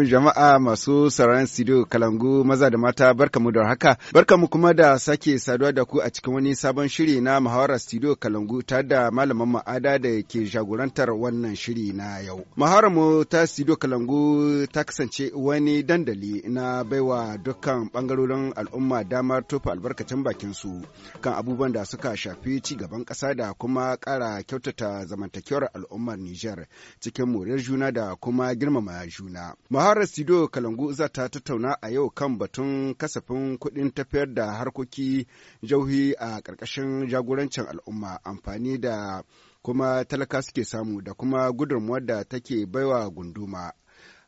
Jama'a masu sauraron studio Kalangu maza da mata barkamu da haka. barka mu kuma da sake saduwa da ku a cikin wani sabon shiri na mahawarar studio Kalangu ta da malaman ma'ada da ke jagorantar wannan shiri na yau. mahawarar mu ta studio Kalangu ta kasance wani dandali na baiwa dukkan bangarorin al'umma damar tofa albarkacin bakin su kan abubuwan da suka shafi ci gaban ƙasa da kuma kara kyautata zamantakewar al'ummar Nijar cikin murar juna da kuma girmama juna. Buhari Sido Kalangu za ta tattauna a yau kan batun kasafin kuɗin tafiyar da harkoki jauhi a ƙarƙashin jagorancin al'umma amfani da kuma talaka suke samu da kuma gudunmuwar da take baiwa gunduma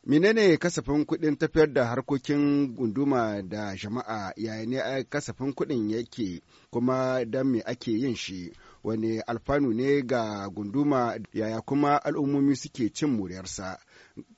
menene kasafin kuɗin tafiyar da harkokin gunduma da jama'a yayin ne eh, kasafin kuɗin yake kuma don me ake yin shi wani alfanu ne ga gunduma yaya kuma al'ummomi suke cin muryarsa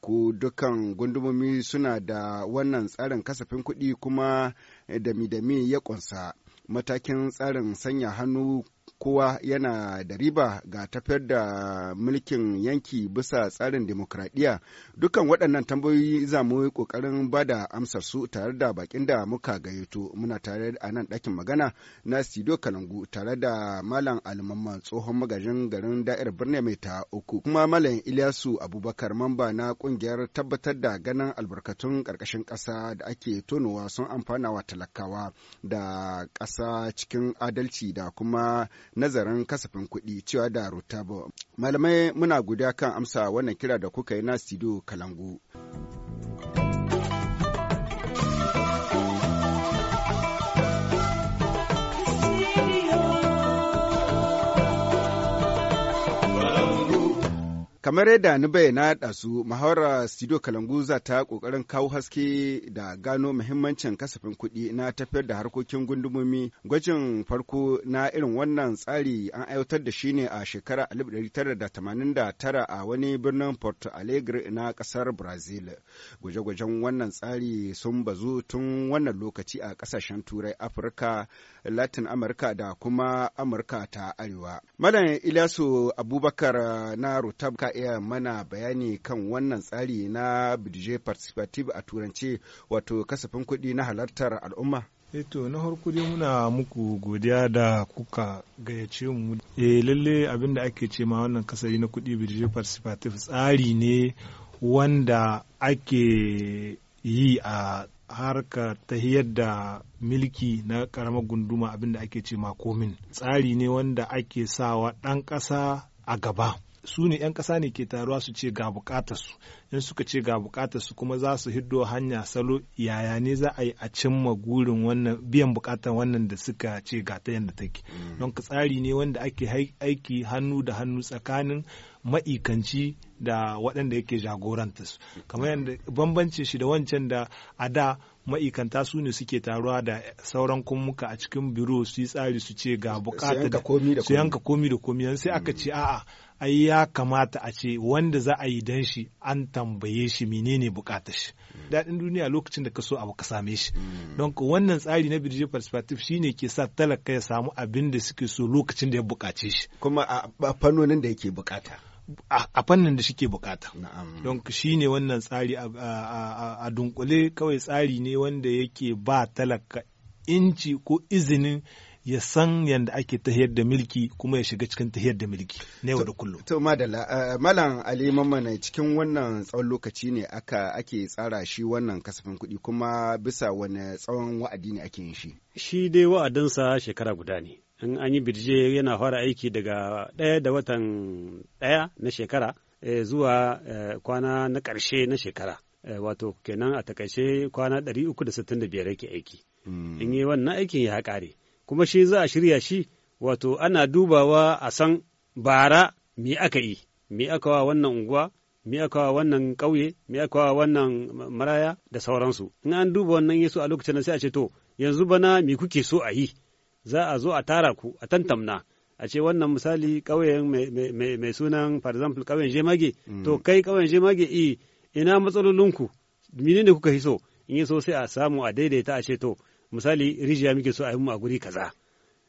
ku dukkan gundumomi suna da wannan tsarin kasafin kuɗi kuma dami-dami ya ƙunsa matakin tsarin sanya hannu kowa yana da riba ga tafiyar da mulkin yanki bisa tsarin demokradiyya dukkan waɗannan tambayoyi za mu yi ƙoƙarin ba da amsar su tare da bakin da muka gayyato muna tare a nan ɗakin magana na studio kalangu tare da malam alimamma tsohon magajin garin da'ir birni mai ta uku kuma malam iliyasu abubakar mamba na ƙungiyar tabbatar da ganin albarkatun ƙarƙashin ƙasa da ake tonowa sun amfana wa talakawa da ƙasa cikin adalci da kuma nazarin kasafin kuɗi cewa da rotabo malamai muna guda kan amsa wannan kira da kuka yi na studio kalangu. kamar yadda ni bayyana da su muhawara studio kalangu za ta kokarin kawo haske da gano muhimmancin kasafin kuɗi na tafiyar da harkokin gundumomi gwajin farko na irin wannan tsari an aiwatar da shi ne a shekarar 1989 a wani birnin porto alegre na kasar brazil gwaje-gwajen wannan tsari sun bazu tun wannan lokaci a ƙasashen turai afirka latin amurka da kuma amurka ta arewa malam ilyasu abubakar na iya mana bayani kan wannan tsari na bidije participative a turance wato kasafin kuɗi na halartar al'umma? eto eh na harko muna muku godiya da kuka gayyace mu e lalle abin da ake ce ma wannan kasari na kuɗi bidije participative tsari ne wanda ake yi a harka ta da milki na karamar gunduma abin da ake ce ma komin tsari ne wanda ake sawa ɗan ƙasa a gaba su ne 'yan ƙasa ne ke taruwa su ce ga bukatarsu su in suka ce ga buƙatar su kuma za su hiddo hanya salo yaya ne za a yi a cimma gurin wannan biyan bukatar wannan da suka ce ga ta yadda take mm. don ka tsari ne wanda ake aiki hannu da hannu tsakanin ma'ikanci da waɗanda yake jagoranta su kamar yadda bambancin shi da wancan da a da ma'ikanta su ne suke taruwa da sauran kummuka a cikin biro su yi tsari su ce ga bukatar su yanka komi da komi sai aka ce mm. a'a ai ya kamata a ce wanda za a yi dan shi an tambaye shi menene bukatar shi mm. daɗin duniya lokacin da ka so abu ka same shi mm. don wannan tsari na birje shi shine ke sa talaka ya samu abin da suke so lokacin da ya bukace shi kuma a fannonin da yake bukata a fannin da shike bukata don shi ne wannan tsari a dunkule kawai tsari ne wanda yake ba talaka inci ko izinin ya san yadda ake tahiyar da milki kuma ya shiga cikin tahiyar da milki na yau da kullum. To madala eh, malam Ali Mamman cikin wannan tsawon lokaci ne aka ake tsara shi wannan kasafin kuɗi kuma bisa wani tsawon wa'adi ne ake yin shi. Shi dai wa'adinsa shekara guda ne. In an yi birje yana fara aiki daga ɗaya da watan ɗaya na shekara eh, zuwa eh, kwana na ƙarshe na shekara. Wato kenan a takaice kwana uku da da sittin biyar yake aiki. Hmm. In yi wannan aikin ya ƙare. kuma shi za a shirya shi wato ana dubawa a san bara me aka yi me aka wa wannan unguwa me aka wa wannan ƙauye me aka wa wannan maraya da sauransu in an duba wannan yesu a lokacin sai a ce to yanzu bana me kuke so a yi za a zo a tara ku a tantamna a ce wannan misali ƙauyen mai sunan for example ƙauyen jemage mm. to kai ƙauyen jemage i eh, ina matsalolinku menene kuka yi so in yi so sai a samu a daidaita a ce to misali rijiya muke so a yi mu a guri kaza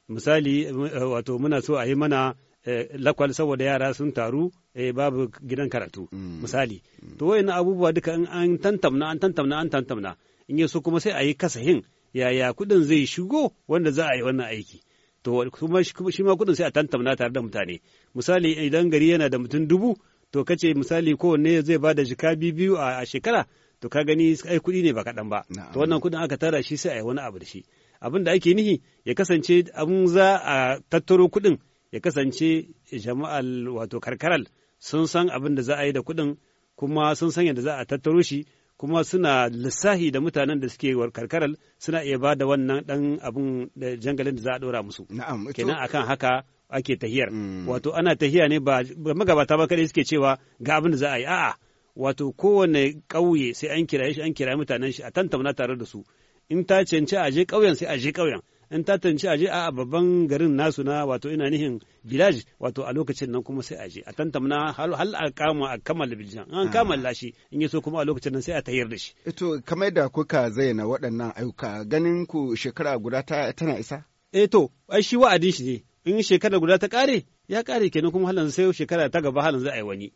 misali eh, wato muna so a yi mana eh, lakwal saboda yara sun taru eh, babu gidan karatu mm. misali mm. to wayannan abubuwa duka in an tantamna an tantamna an tantamna in yi so kuma sai a yi kasahin yaya kudin zai shigo wanda za a yi wannan aiki to kuma shi ma kudin sai a tantamna tare da mutane misali idan gari yana da mutum dubu to kace misali kowanne zai ba da jika biyu a shekara to ka gani ai kuɗi ne ba kaɗan ba to wannan kuɗin aka tara shi sai a yi wani abu da shi abin da ake nihi ya kasance abin za a tattaro kuɗin ya kasance jama'al wato karkaral sun san abin da za a yi da kuɗin kuma sun san yadda za a tattaro shi kuma suna lissahi da mutanen da suke karkaral suna iya ba da wannan dan abin da jangalin da za a ɗora musu kenan akan haka ake tahiyar mm. wato ana tahiya ne ba magabata ba kadai suke cewa ga abin da za a yi a'a wato kowane ƙauye sai an kiraye shi an kiraye mutanen shi a tantamuna tare da su in ta cance a je ƙauyen sai a je ƙauyen in ta tanci a je a babban garin nasu na wato ina nihin village wato a lokacin nan kuma sai a je a tantamuna hal hal a kama a kammala biljan an ah. kammala shi in yaso kuma a lokacin nan sai a tayar da shi eh, to kamar da kuka zayyana waɗannan ayyuka ganin ku shekara guda tana isa eh to ai shi wa'adin shi ne in shekara guda ta kare ya kare kenan kuma halin sai shekara ta gaba halin za a yi wani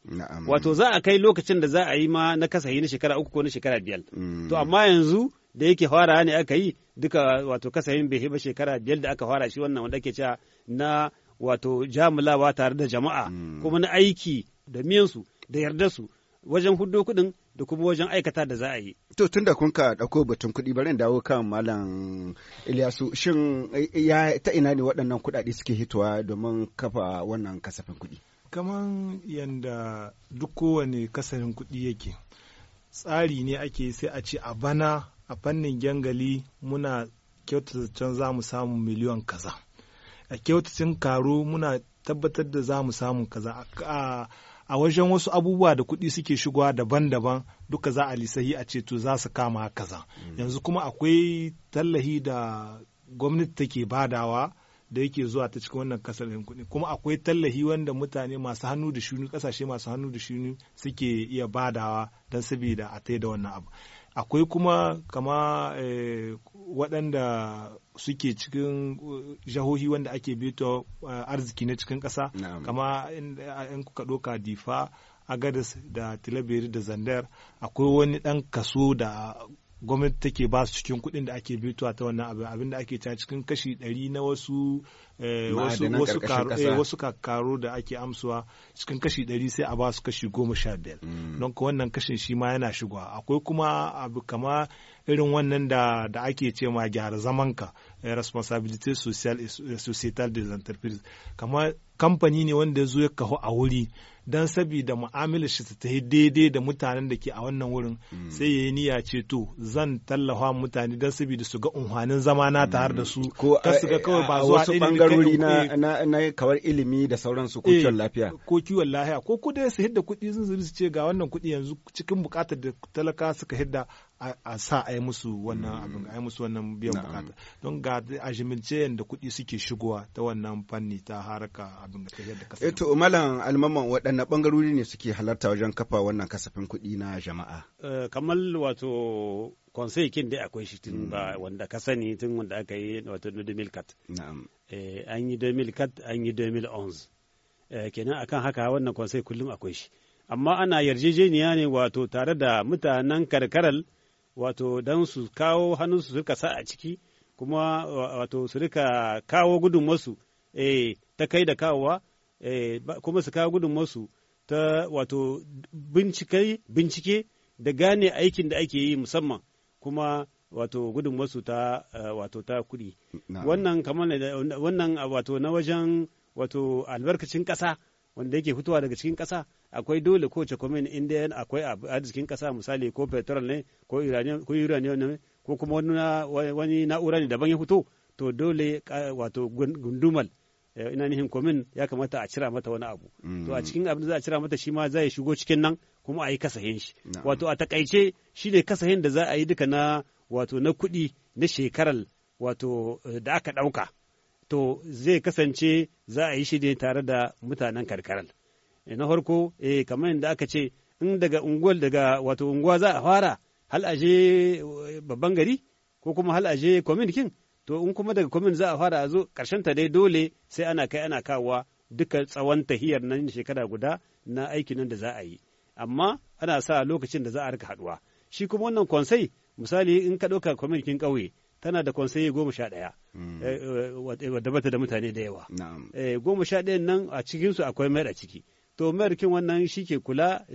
wato za a kai lokacin da za a yi ma na kasahi na shekara uku ko na shekara biyar mm. to amma yanzu da yake fara ne aka yi duka wato kasahin bai ba shekara biyar da aka fara shi wannan wanda ake cewa na wato jamulawa tare da jama'a mm. kuma na aiki da miyansu da yarda su wajen hudu kuɗin da kuma wajen aikata da za a yi. To tun da kun ɗauko batun kuɗi bari dawo kan Malam Ilyasu shin eh, ya ta ina ne waɗannan kuɗaɗe suke hitowa domin kafa wannan kasafin kuɗi? Kaman yanda duk kowane kasafin kuɗi yake tsari ne ake sai a ce a bana a fannin gyangali muna kyautata za mu samu miliyon kaza. A kyautacin karo muna tabbatar da za mu samu kaza a a wajen wasu abubuwa da kuɗi suke shigowa daban-daban duka za a lisahi a ceto to za su kama kaza mm. yanzu kuma akwai tallahi da gwamnati take badawa da yake zuwa ta cikin wannan kasafin kuɗi kuma akwai tallahi wanda mutane masu hannu da shuni kasashe masu hannu da shuni suke iya badawa don saboda a da wannan abu akwai kuma kama eh, waɗanda suke cikin eh, jahohi wanda ake beto uh, arziki na cikin ƙasa kama in eh, kuka ɗoka difa agadis da tilaberi da zandar akwai wani ɗan kaso da gwamnati take ba su cikin kuɗin da ake bituwa ta wannan abin abin da ake ta cikin kashi ɗari na wasu eh, wasu wasu eh, kakaro da ake amsuwa cikin kashi ɗari sai a ba su kashi goma sha biyar mm. don ka wannan kashin shi ma yana shigowa akwai kuma abu kama irin wannan da da ake ce ma gyara zamanka eh, responsibility social societal des entreprises kamfani ne wanda ya zo ya kahu a wuri don sabida mu'amalar shi ta daidai da mutanen da ke a wannan wurin mm. sai ya yi niyya ce to zan tallafa mutane don sabida su ga unhwanin zama na tare da mm. su ko su ga eh, kawai ba zuwa wasu bangarori eh, na na kawar ilimi da sauransu ko eh, kiwon lafiya ko kiwon lafiya ko ko su hidda kuɗi sun su ce ga wannan kuɗi yanzu cikin buƙatar da talaka suka hidda a sa a yi musu wannan mm. abin a yi musu wannan biyan bukata don ga a jimince yadda kuɗi suke shigowa ta wannan fanni ta haraka abin da yadda kasa eto eh malam almaman waɗanne ɓangarori ne suke halarta wajen kafa wannan kasafin kuɗi na jama'a eh, kamar wato konsai kin dai akwai shi tun ba mm. wanda ka sani tun wanda aka yi wato 2004 na'am eh, an yi 2004 an yi 2011 kenan akan haka wannan konsai kullum akwai shi amma ana yarjejeniya ne wato tare da mutanen karkarar wato don su kawo hannunsu su rika sa a ciki kuma wato su rika kawo gudun eh, ta kai da kawowa eh, kuma su kawo gudun masu ta wato bincike da gane aikin da ake yi musamman kuma wato gudun masu ta eh, wato ta kudi wannan kamar wannan wato na wajen wato albarkacin ƙasa wanda yake fitowa daga cikin kasa akwai dole kowace kwamin inda yan akwai cikin kasa misali ko petrol ne ko uranium ne ko kuma wani na'ura ne daban ya fito to dole wato gundumal eh, ina nihin komin ya kamata a cira mata wani abu mm. to a cikin abin da za a cira mata shi ma zai shigo cikin nan kuma a yi kasahin shi wato a takaice shi ne kasahin da za a yi duka na wato na kuɗi na shekarar wato eh, da aka ɗauka to zai kasance za a yi shi ne tare da mutanen karkarar eh, na farko eh kamar yadda aka ce in daga unguwar daga wato unguwa za a fara hal aje eh, babban gari ko kuma hal aje kwamin to in kuma daga kwamin za a fara a zo karshen ta dai dole sai ana kai ana kawowa duka tsawon tahiyar nan shekara guda na aikin nan da za a yi amma ana sa lokacin da za a rika haduwa shi kuma wannan konsai misali in ka ɗauka kwamitin ƙauye tana da konsayi goma sha ɗaya hmm. eh, eh, eh, wadda bata da mutane da yawa goma sha ɗayan nan a cikinsu akwai mayar a ciki to mayar kin wannan shi ke kula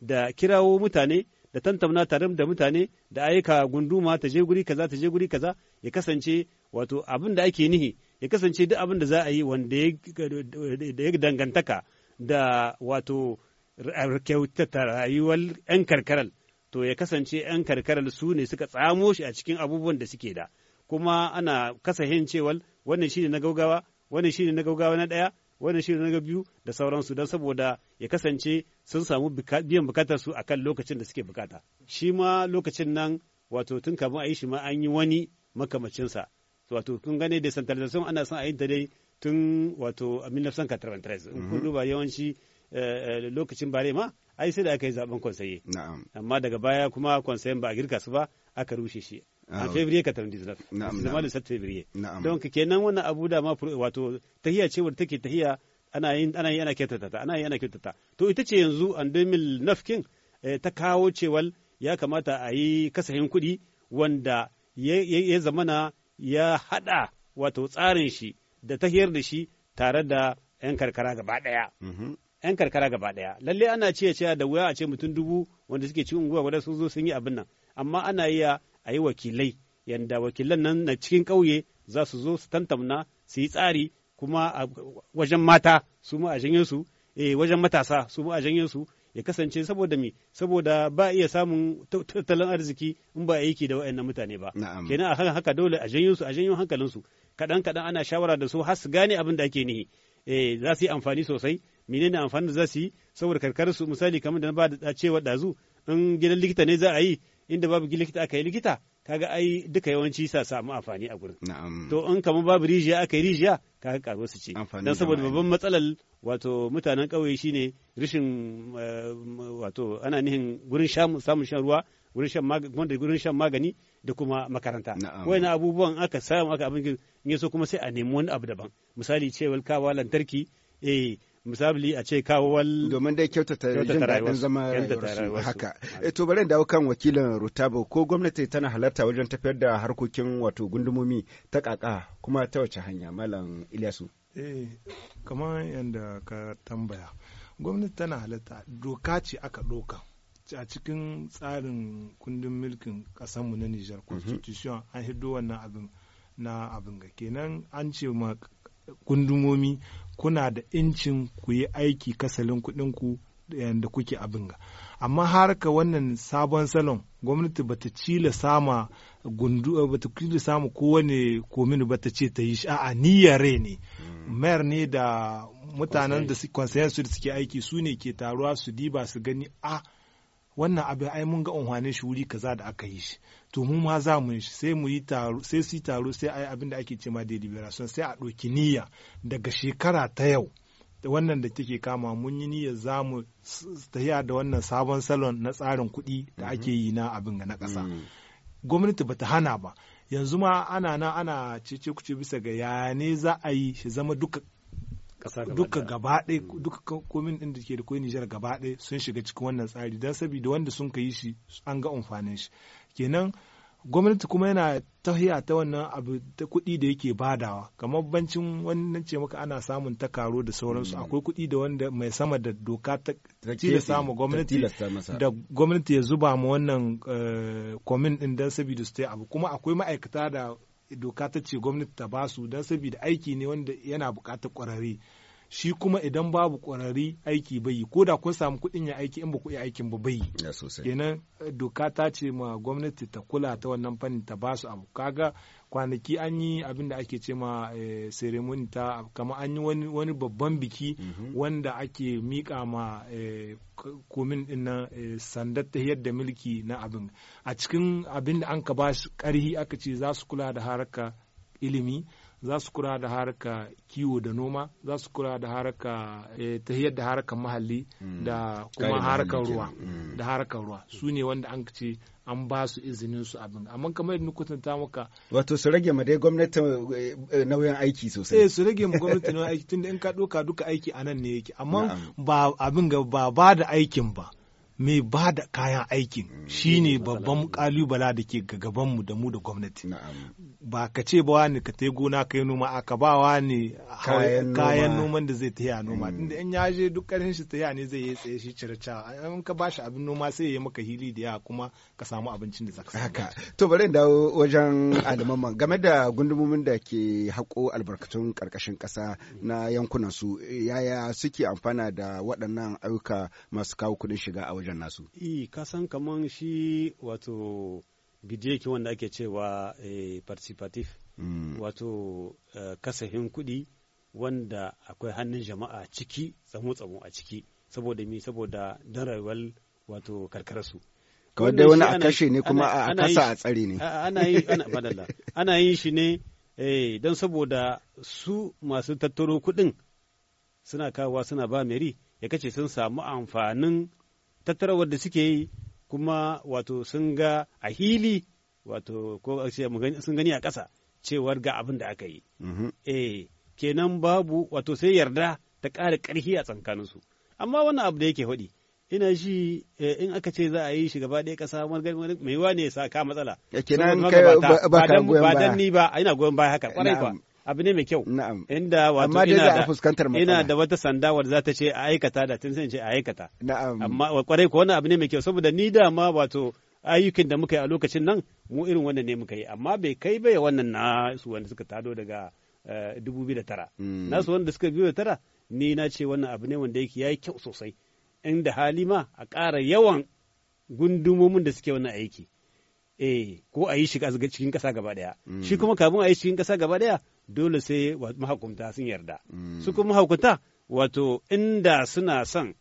da kirawo mutane da tantamna tare da mutane da ayyuka gunduma ta je guri kaza ta je guri kaza ya kasance wato abin da ake nihi ya kasance duk abin da za a yi wanda ya dangantaka da wato kyautata rayuwar 'yan karkaral to ya kasance 'yan karkarar su ne suka tsamo shi a cikin abubuwan da suke da kuma ana hin cewar wannan shine na gaugawa wannan shine na gaugawa na ɗaya wannan shine na biyu da sauransu don saboda ya kasance sun samu biyan bukatar su akan lokacin da suke bukata shi ma lokacin nan wato tun kafin a yi shi ma an yi wani makamacinsa wato kun gane decentralization ana son a yi ta dai tun wato a in kun mm-hmm. duba yawanci eh, eh, lokacin bare ma ai sai da aka yi zaben konsaye amma daga baya kuma konsayen ba a girka su ba aka rushe shi a fevrier 99 zama da sat fevriye don kenan wannan abu da ma wato tahiya ce wadda take tahiya ana ana yi ana kyautata ana yi ana kyautata to ita ce yanzu an Nafkin eh, ta kawo cewal ya kamata a yi kasahin kuɗi wanda ya zamana ya haɗa wato tsarin shi da tahiyar da shi tare da 'yan karkara gaba ɗaya. Mhm. 'yan karkara gaba ɗaya lalle ana ce ce da wuya a ce mutum dubu wanda suke cikin unguwa wadda sun zo sun yi abin nan amma ana iya a yi wakilai yanda wakilan nan na cikin ƙauye za su zo su tantamna su yi tsari kuma a wajen mata su ma a janyen su eh wajen matasa su ma a janyen su ya kasance saboda mi saboda ba iya samun tattalin arziki in ba aiki da waɗannan mutane ba kenan a haka dole a janye su a janye hankalin su kaɗan kaɗan ana shawara da su har su gane abin da ake nihi eh za su yi amfani sosai menene amfani da za su yi saboda karkar su misali kamar da na ba da cewa dazu in gidan likita ne za a yi inda babu likita aka yi likita kaga ai duka yawanci sa samu amfani a gurin to in kamar babu rijiya aka yi rijiya kaga karo su ce dan saboda babban matsalar wato mutanen ƙauye shine rishin eh, wato ana nihin gurin samun shan ruwa gurin shan magani gurin shan magani da kuma makaranta wayannan abubuwan aka samu aka abin in so kuma sai a nemi wani abu daban misali cewa kawa lantarki eh misali a ce wal domin dai kyautata jin daɗin zama rayuwarsu haka eh, to bari dawo kan wakilin rutabo ko gwamnati tana halarta wajen tafiyar da harkokin wato gundumomi ta kaka kuma ta wace hanya malam ilyasu eh kamar yadda ka tambaya gwamnati tana halarta doka ce aka doka a cikin tsarin kundin mulkin kasanmu na Nijar mhm. constitution an hiddo wannan abin na abin ga kenan an ce ma gundumomi. kuna da incin ku yi aiki kasalin ku eh, da kuke abin ga amma harka wannan sabon salon gwamnati bata cila sama gundu eh, bata cila sama kowane komini bata ce ta yi a'a yare ne hmm. mayar ne da mutanen da su da suke aiki su ne ke taruwa su diba su gani a ah, wannan abin ai mun ga unhwane shi wuri kaza da aka yi shi to mu ma za mu yi shi sai mu yi taro sai su yi taro sai ai abin da ake cema deliberation sai a ɗauki niyya daga shekara ta yau wannan da take kama mun yi niyyar za mu tafiya da wannan sabon salon na tsarin kuɗi da ake mhm. yi na abin na ƙasa mm. gwamnati bata hana ba yanzu ma ana na ana cece kuce bisa ga yaya ne za a yi shi zama duka duka gaba ɗaya mm. duka komin ɗin da ke da kwai Nijar gaba ɗaya sun shiga cikin wannan tsari don saboda wanda sun ka yi shi an ga amfanin shi kenan gwamnati kuma yana tahiya ta wannan abu ta kuɗi da yake badawa kamar bancin wannan ce maka ana samun ta karo da sauransu mm. akwai kuɗi da wanda mai sama da doka ta tilasta ma gwamnati da gwamnati ya zuba ma wannan eh, komin ɗin don saboda su ta abu kuma akwai ma'aikata da doka ta ce gwamnati ta basu don sabida aiki ne wanda yana bukatar ƙwararre shi kuma idan babu ƙwararri aiki bai yi ko da kun samu kuɗin ya aiki in ba ku yi aikin ba bai yi kenan eh, doka ta ce ma gwamnati ta kula ta wannan fannin ta ba su abu kaga kwanaki an yi abin da ake ce ma eh, ceremony ta kama an yi wani babban biki mhm. wanda ake miƙa ma eh, komin din sandar ta yadda mulki na abin a cikin abin da an ka ba shi ƙarhi aka ce za su kula da haraka ilimi za su kula da harka kiwo da noma za su kula da harka eh, tahiyar da harkar mahalli mm. da kuma harkar ruwa mm. da harkar ruwa su ne wanda an ce an ba su izinin su abin amma kamar yadda kwatanta maka wato su rage ma dai gwamnati eh, nauyin aiki sosai eh su rage ma gwamnati nauyin aiki tunda in ka doka duka aiki a nan ne yake amma ba abin ga ba ba da aikin ba mai ba da kayan aikin mm, shine babban kalubala da ke gabanmu da mu da gwamnati ba ka ce ba wani ka tai gona ka yi noma aka ba wani kayan noman da zai a noma Inda mm. in ya je duk karin shi taya ne zai yi tsaye shi cire in ka ba shi abin noma sai ya maka hili da yawa kuma ka samu abincin da zaka haka to bari da wajen alimaman game da gundumomin da ke haƙo albarkatun karkashin ƙasa na yankunan su yaya suke amfana da waɗannan ayyuka masu kawo kuɗin shiga a wajen nasu eh kasan kaman shi wato ke wanda ake cewa eh, participative mm. wato uh, kasafin kuɗi wanda akwai hannun jama'a ciki tsamo-tsamo a ciki saboda mi saboda don rayuwar wato karkararsu kawai dai wani a kashe ne kuma a kasa a tsari ne ana yi yin shi ne eh, don saboda su masu tattaro kuɗin suna kawowa suna ba meri ya kace sun samu amfanin tattarawar da suke yi kuma wato sun ga a hili wato ko sun gani a ƙasa cewar ga abin da aka yi. Mhm. Eh kenan babu wato sai yarda ta ƙara ƙarfi a tsakaninsu. Amma wannan abu da yake faɗi ina shi eh, in aka ce za a yi shi gaba ɗaya ƙasa wani mai wa ne sa ka matsala. Eh, kenan kai ba ni ba ina goyon baya haka eh, ƙwarai kuwa. abu ne mai kyau na'am inda wato ina da ina da wata sanda za ta ce a aikata da tun sai ce a aikata na'am amma kwarai ko wani abu ne mai kyau saboda ni da ma wato ayyukan da muka yi a lokacin nan mu irin wannan ne muka yi amma bai kai bai wannan na su wanda suka tado daga 2009 eh, mm. na su wanda suka biyo tara ni na ce wannan abu ne wanda yake yayi kyau sosai inda hali ma a ƙara yawan gundumomin da suke wannan aiki eh ko a yi shi cikin kasa gaba daya mm. shi kuma kafin a yi cikin kasa gaba daya dole sai mahakunta sun yarda mm. su kuma wato inda suna son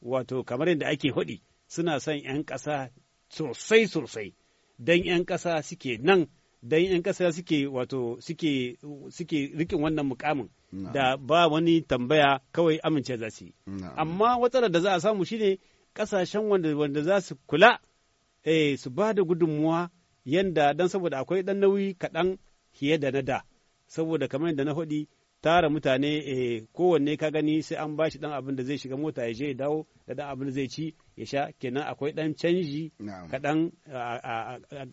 wato kamar yadda ake hudi suna son 'yan ƙasa sosai sosai don 'yan ƙasa suke nan don 'yan ƙasa suke wato suke suke rikin wannan mukamin da ba wani tambaya kawai amince za su yi amma wata da za a samu shine ƙasashen wanda wanda za su kula eh su ba da gudunmuwa yanda dan saboda akwai dan nauyi kaɗan fiye da na da saboda kamar yadda na faɗi tara mutane eh, kowanne ka gani sai an bashi dan abin da zai shiga mota ya je ya dawo da dan abin da zai ci ya sha kenan akwai dan canji kaɗan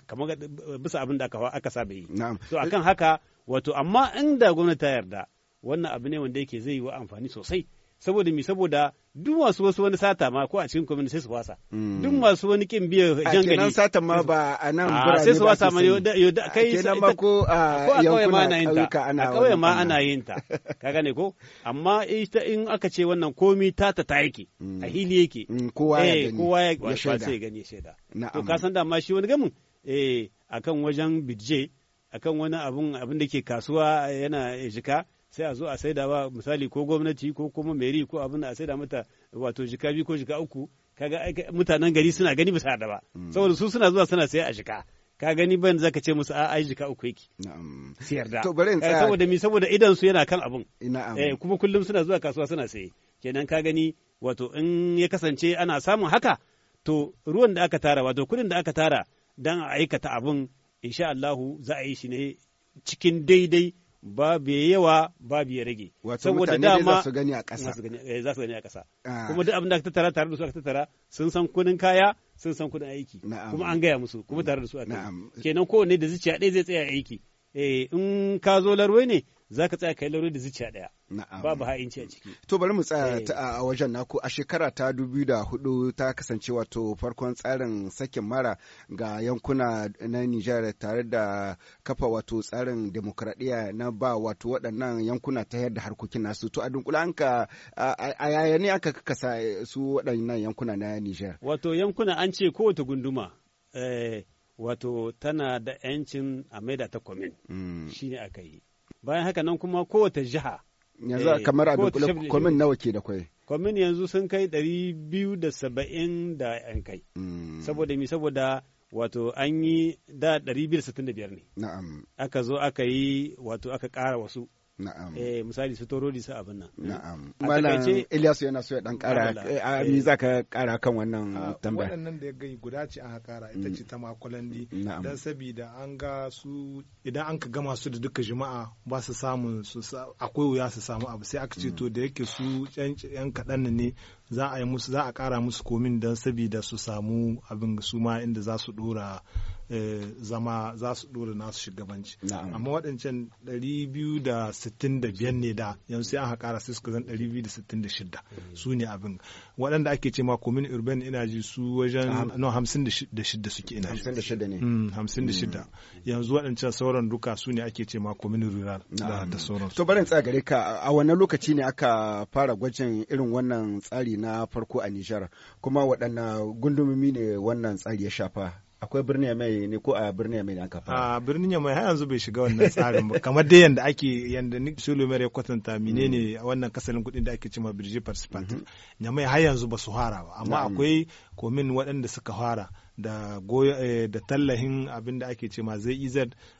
kamar bisa abin da aka saba yi to akan haka wato amma inda gwamnati ta yarda wannan abu ne wanda yake zai yi wa amfani sosai saboda mi saboda duk masu wasu wani sata ma ko a cikin kwamini sai su wasa hmm. duk masu wani kin biya jan gani a kenan sata ma ba a nan ah, birane sai su wasa ma yoda kai kenan ma ko a yankuna a kauye ma ana yin ta ka gane ko amma ita in aka ce wannan komi tata ta yake hmm. a hili yake hmm, kowa ya eh, gani kowa ya shaida ya gani shaida to ka san da ma shi wani gamin eh akan wajen bidje akan wani abun abin da ke kasuwa yana jika sai a zo a saida wa misali ko gwamnati ko kuma meri ko abin da a saida mata wato jika biyu ko jika uku kaga mutanen gari suna gani bisa da ba mm. saboda su suna zuwa suna saya a jika ka gani ban zaka ce musu ai jika uku yake siyar da eh, saboda mi saboda idan su yana kan abun eh kuma kullum suna zuwa kasuwa suna saye kenan ka gani wato in ya kasance ana samun haka to ruwan da aka tara wato kudin da aka tara dan a aikata abun insha Allahu za a yi shi ne cikin daidai Ba biye yawa ba biye rage saboda dama za su gani a ƙasa za su gani eh, a ƙasa ah. kuma duk abin da aka tattara tare da su aka tattara sun san kudin kaya sun san kudin aiki kuma an gaya musu kuma tare da su a kenan kowanne da zuciya ɗaya zai tsaya aiki Eh, in ka zo larwai ne za ka tsaya kai larwai da zuciya ɗaya. Babu ha'inci a ciki. To bari mu tsaya eh. ta a wajen naku a shekara ta dubu da hudu ta kasance wato farkon tsarin sakin mara ga yankuna na Nijar tare da kafa wato tsarin demokradiyya na ba wato waɗannan yankuna ta yadda harkokin nasu. To a dunkula an ka a yaya ne aka kasa eh, su waɗannan yankuna na Nijar. Wato yankuna an ce kowace gunduma. Eh, wato tana da 'yancin a maida ta kwamin mm. shi ne aka yi bayan haka nan kuma kowace jiha yanzu eh, kamar a dunkule kwamin nawa ke da kwai kwamin yanzu sun kai 270 biyu da saba'in da yan kai mm. saboda mi saboda wato an yi da 265 biyu da sittin da biyar ne aka zo aka yi wato aka ƙara wasu na'am eh misali su torodi su abin nan na'am malam Ilyasu yana so ya dan kara a mi zaka kara kan wannan tambaya waɗannan da ya gai guda ce an kara ita mm. ce ta makulandi dan sabida an ga su idan an ka gama su da duka jama'a ba su samun su akwai wuya su samu abu sai aka ce mm. to da yake su yan kaɗan ne za a yi musu za a kara musu komin dan sabida su samu abin su ma inda za su dora Eh, zama za su ɗora nasu shugabanci amma waɗancan 265 ne da yanzu sai an haƙara sai suka zan 266 mm. su ne abin waɗanda ake ce ma komin urban energy su wajen no 56 suke ina 56 ne 56 mm, mm. yanzu waɗancan sauran duka su ne ake ce ma komin rural da sauran to barin tsagare ka a wannan lokaci ne aka fara gwajin irin wannan tsari na farko a Nijar kuma waɗannan gundumomi ne wannan tsari ya shafa akwai birnin mai ne ko a ya mai ne aka fara a birnin mai har yanzu bai shiga wannan tsarin ba kamar dai yanda ake yanda ni Sulumer ya kwatanta menene mm. wannan kasalin kudin da ake cima Birji Participant mm-hmm. mai har yanzu ba su fara ba amma mm-hmm. akwai komin waɗanda suka fara da eh, da tallahin abin da ake cema zez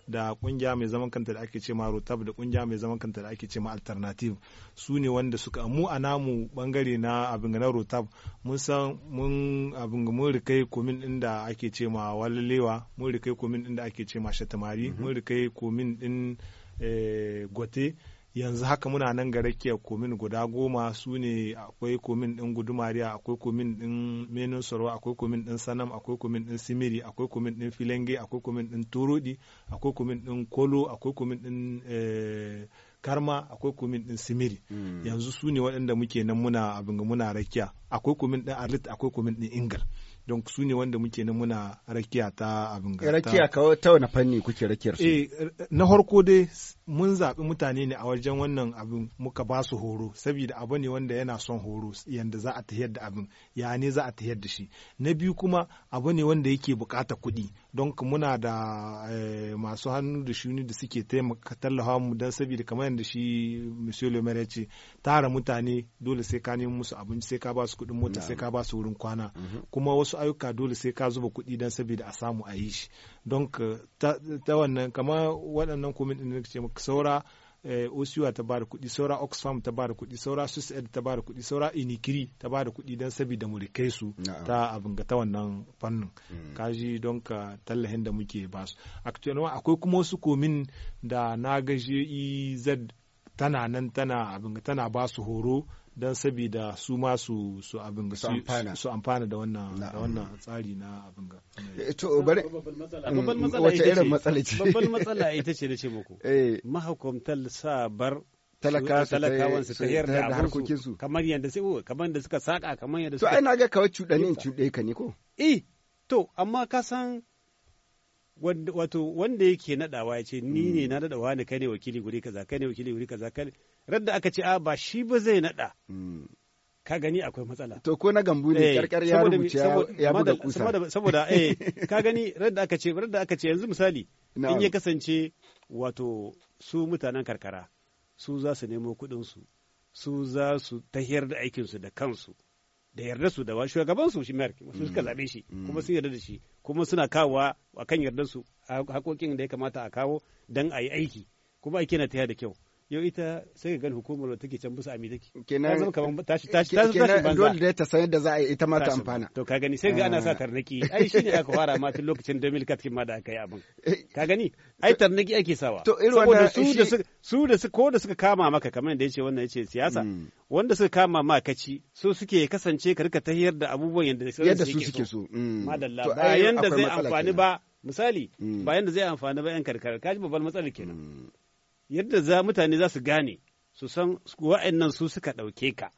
da kungiya mai zaman kanta da ake cema rotab da kungiya mai zaman kanta da ake cema alternative su ne wanda suka mu a namu bangare na abin na rotab mun san mun abin mun rikai komin din da ake cema wallalewa walalewa mun rikai komin din da ake cema shatamari mhm. mun rikai komin din eh, gote yanzu haka muna nan ga rakiya komin guda goma su ne akwai komin ɗin gudumariya akwai komin din menin sorwa akwai komin ɗin sanam akwai komin ɗin simiri akwai komin din filenge akwai komin ɗin turudi akwai komin din kolo akwai komin din eh, karma akwai komin ɗin simiri hmm. yanzu su ne waɗanda muke nan muna abin muna rakiya akwai kumin ɗin arlit akwai kumin ɗin ingal don su ne wanda muke nan muna rakiya ta abin gata rakiya ka ta wani fanni kuke rakiyar su eh, na harko dai mun zaɓi mutane ne a wajen wannan abin muka ba su horo saboda abu ne wanda yana son horo yanda za a tafiyar da abin ya ne za a tafiyar da shi na biyu kuma abu ne wanda yake buƙata kuɗi don muna da eh, masu hannu da shuni da suke taimaka tallafa mu don saboda kamar yadda shi monsieur le maire ce tara mutane dole sai ka nemi musu abinci sai ka ba su kuɗin mota sai ka ba su wurin kwana mhm. kuma wasu ayyuka dole sai ka zuba kuɗi don saboda a samu a yi shi don ta wannan kama waɗannan komin ɗin ce saura eh, osiwa ta bada kuɗi saura oxfam ta bada kuɗi saura sused ta bada kuɗi saura inikiri ta bada kuɗi don saboda mu rike su ta abin ga ta wannan fannin mm. kaji don ka tallahin da muke ba su akwai kuma wasu komin da na gaje iz tana nan tana abin tana ba su horo don sabida su ma su su abin su amfana da wannan da wannan tsari na abin ga to bari mm, wace irin matsala ce babban matsala ita ce da ce muku eh. mahukumtar sabar talakawan su tahiyar da harkokin su kamar yadda su kamar da suka saka kamar yadda suka to ai na ga kawai cuɗani in cuɗe ka ne ko eh to amma ka san wato wanda yake nadawa ya ce ni ne mm. na nadawa ne kai ne wakili guri kaza kai ne wakili guri kaza kai radda aka ce a ba shi ba zai naɗa hmm. ka gani akwai matsala to ko na gambu ne karkar eh, ya rubuce ya buga kusa saboda eh ka gani radda aka ce radda aka ce yanzu misali in ya kasance wato su mutanen karkara su za su nemo kuɗinsu su su za su tahiyar da aikin su da kansu da yarda su da wa shugaban su shi mayar su suka hmm. zabe shi hmm. kuma sun yarda da shi kuma suna kawowa akan kan su hakokin da ya kamata a kawo dan a yi aiki kuma aiki na tafiya da kyau yau ita sai gan hukumar take can bisa ami take kenan zama kaman tashi tashi tashi kenan dole dai ta san yadda za a yi ita ma ta amfana to ka gani sai ga ana sa ah. tarnaki ai shine aka fara ma tun lokacin 2014 ma da aka yi abin eh. ka gani ai tarnaki ake sawa to irin wannan su da su da su ko da suka kama maka kamar da yace wannan yace siyasa hmm. wanda suka kama ma kaci So suke kasance ka rika tahiyar da abubuwan yadda su suke so hmm. madalla ba yanda zai amfani ba misali hmm. ba yanda zai amfani ba yan karkara kaji babban matsalar kenan yadda za mutane za su gane su san wa'annan su suka ɗauke ka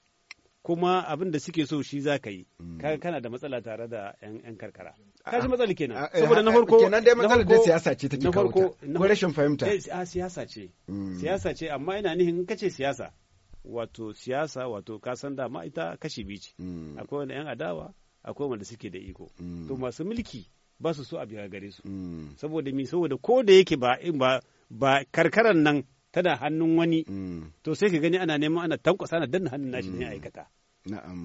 kuma abin da suke so shi za ka yi mm. kaga kana da matsala tare da yan karkara ka ji ah, matsala kenan ah, eh, saboda na farko kenan dai matsala da siyasa ce take kawo ta. ko rashin fahimta eh, a ah, siyasa ce mm. siyasa ce amma ina nihin kace siyasa wato siyasa wato ka san dama ita kashi biyu ce mm. akwai wanda yan adawa akwai wanda suke da iko to masu mulki ba su so a biya gare su saboda mi saboda ko da yake ba ba karkaran nan tana hannun wani mm. to sai ka gani ana neman ana tankwasa ana danna hannun nashi ne mm. aikata